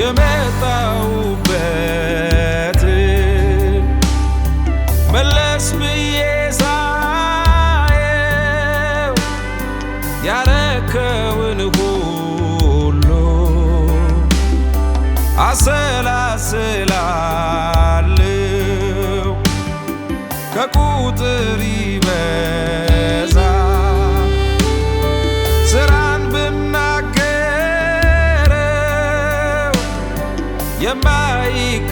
የመጣውበት መለስ ብዬ ሳየው ያረከውን ሁሉ አሰላስላለው ከቁጥር የማይገባኝ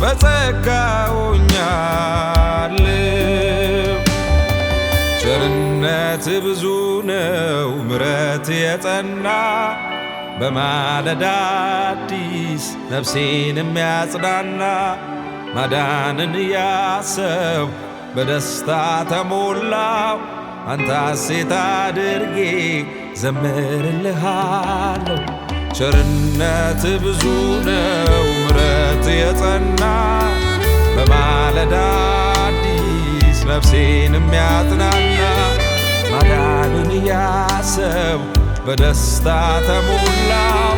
በጸጋውኛል። ቸርነት ብዙ ነው ምረት የጸና በማለዳ አዲስ ነፍሴን የሚያጽናና ማዳንን ያሰብ በደስታ ተሞላው አንተ ሐሴት አድርጌ ዘምርልሃለሁ። ቸርነት ብዙ ነው፣ ምረት የጸና በማለዳ አዲስ ነፍሴን የሚያጥናና ማዳኑን እያሰብ በደስታ ተሞላው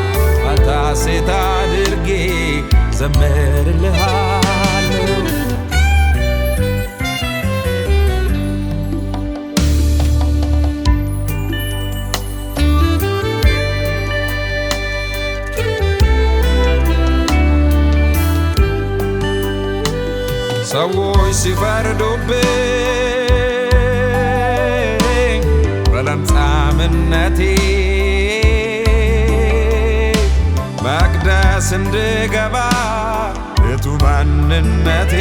አንተ ሐሴት አድርጌ ዘምርልሃለሁ ሰዎች ሲፈርዱብኝ በለምጻምነቴ መቅደስ እንድገባ ቤቱ ማንነቴ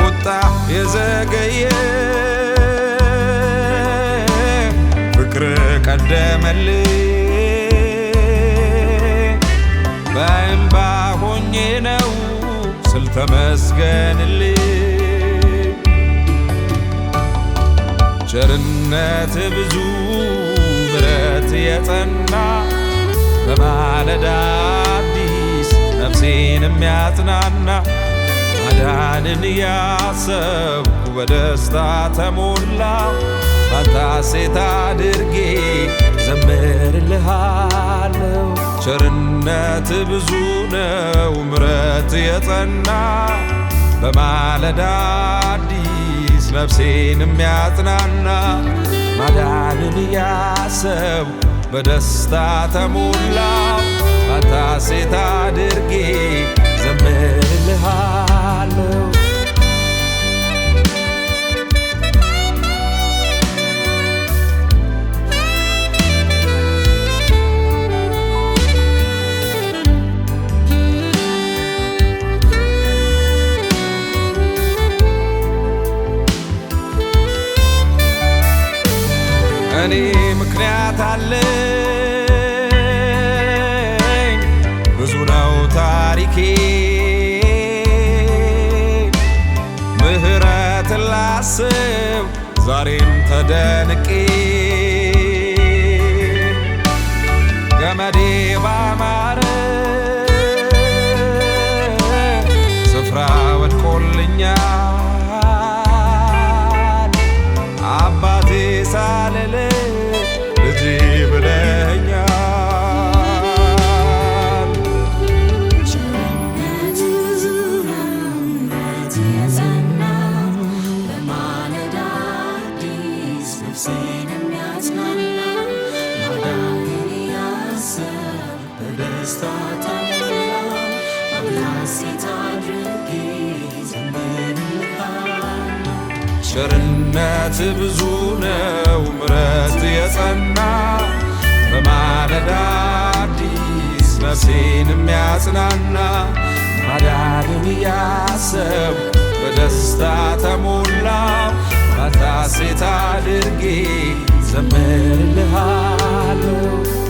ቁጣ የዘገየ ፍቅር ቀደመልኝ ስል ተመስገንልኝ ቸርነት ብዙ ምረት የጠና በማለዳ አዲስ ነፍሴን የሚያጽናና አዳንን ያሰብኩ በደስታ ተሞላ ባንተ አድርጌ ዘምርልሃለሁ ቸርነት ብዙ ነው በእውነት የጸና በማለዳ አዲስ ነፍሴን የሚያጽናና ማዳንን እያሰብ በደስታ ተሞላው ባታ ሴት አድርጌ ዘምርልሃለሁ ሳስብ ዛሬም ተደንቄ ገመዴ ባማ ነፍሴን የሚያጽናና ማዳንን ያሰብ በደስታ ታላ ቸርነት ብዙ ነው ምረት የጸና በማለዳ አዲስ ነፍሴን የሚያጽናና ማዳንን ያሰብ በደስታ ተሞላ ሐሴት አድርጌ ዘምርልሃለሁ